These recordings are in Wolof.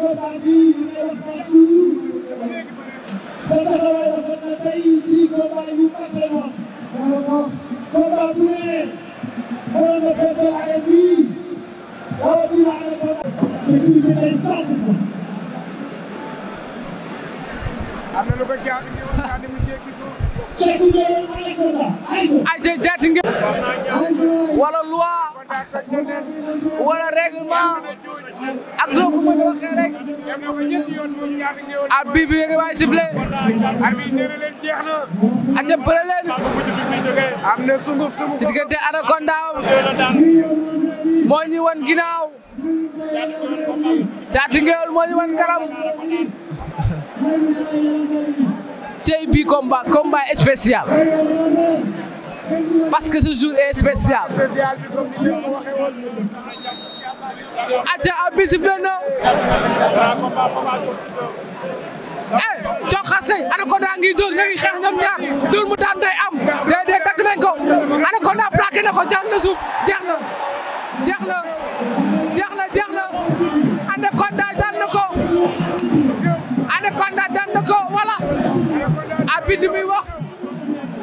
ko daal di ñu ngi wax Mansour sa taxawaay rafet na tey jii combat yu pàtte woon. combat bu ne mënoon na fees seen arène bii rawatina arène combat. sécurité day cent pour cent. am na lu ko jaar ñu waxtaan mu jéggi ko. càttu doole arène combat. ayca ayca jaati ngeen. wala loi. wala règlement ak loo ko mën ab bii bi nga waay aca bëre ci diggante Anaconda moo ñu wan ginnaaw caati ngeewul wan karam cey bi combat combat spécial parce que ce jour est spécial. aca eh, a bisib le na e coxas nañ Anaconda ngi dóor ña ngi xeex ñoom ñaar dóor mu daan day am déedéet dagg nañ ko Anaconda plaqué na ko jaan na suuf jeex na jeex na jeex na jeex na Anaconda daan na ko Anaconda daan ko wala a bind wax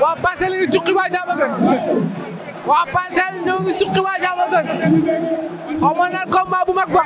waa Parcelles la ñuy suqi waa Diamaguène waa Parcelles ñoo ngi suqi ma naan combat bu mag ba.